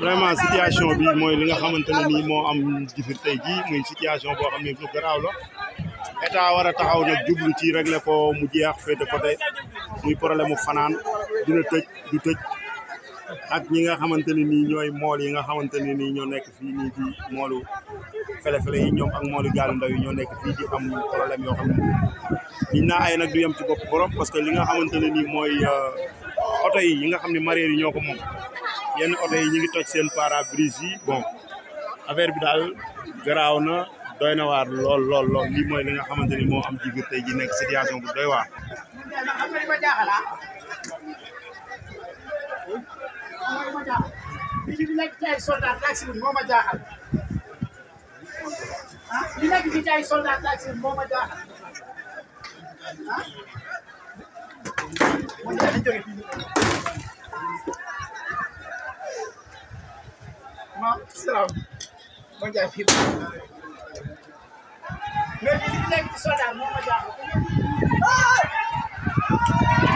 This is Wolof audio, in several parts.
vraiment situation bi mooy li nga xamante ne nii moo am jifir tey jii muy situation boo xam ne lu garaaw la état war a taxaw nag jublu ci régler ko mu jeex féete côté muy problème mu fanaan dina tëj du tëj ak ñi nga xamante ne nii ñooy mool yi nga xamante ne nii ñoo nekk fii nii di moolu fele-fele yi ñoom ak moolu gaalu ndaw yi ñoo nekk fii di am problème yoo xam ne ay nag du yem ci bopp borom parce que li nga xamante ne nii mooy euh, oto yi nga xam ne mareyeur yi ñoo ko moom yenn oto yi ñu ngi toj seen pare yi bon affaire bi daal garaaw na doy na waar lool lool lool lii mooy li nga xamante ni moo am jigéen tey ji nekk situation bu doy waar. ci nekk ci nekk ci ay soldat taxi ma salaam ma jaay fii mais li nekk ci soldat ma jaaxal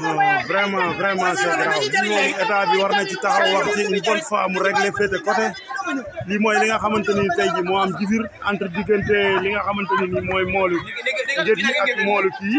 vraiment vraiment c'est grave lii moom état bi war na ci taxaw wax ci une bonne fois mu régler féete côté lii mooy li nga xamante ni tey ji moo am jifir entre diggante li nga xamante ni nii mooy moolu njët ak moolu kii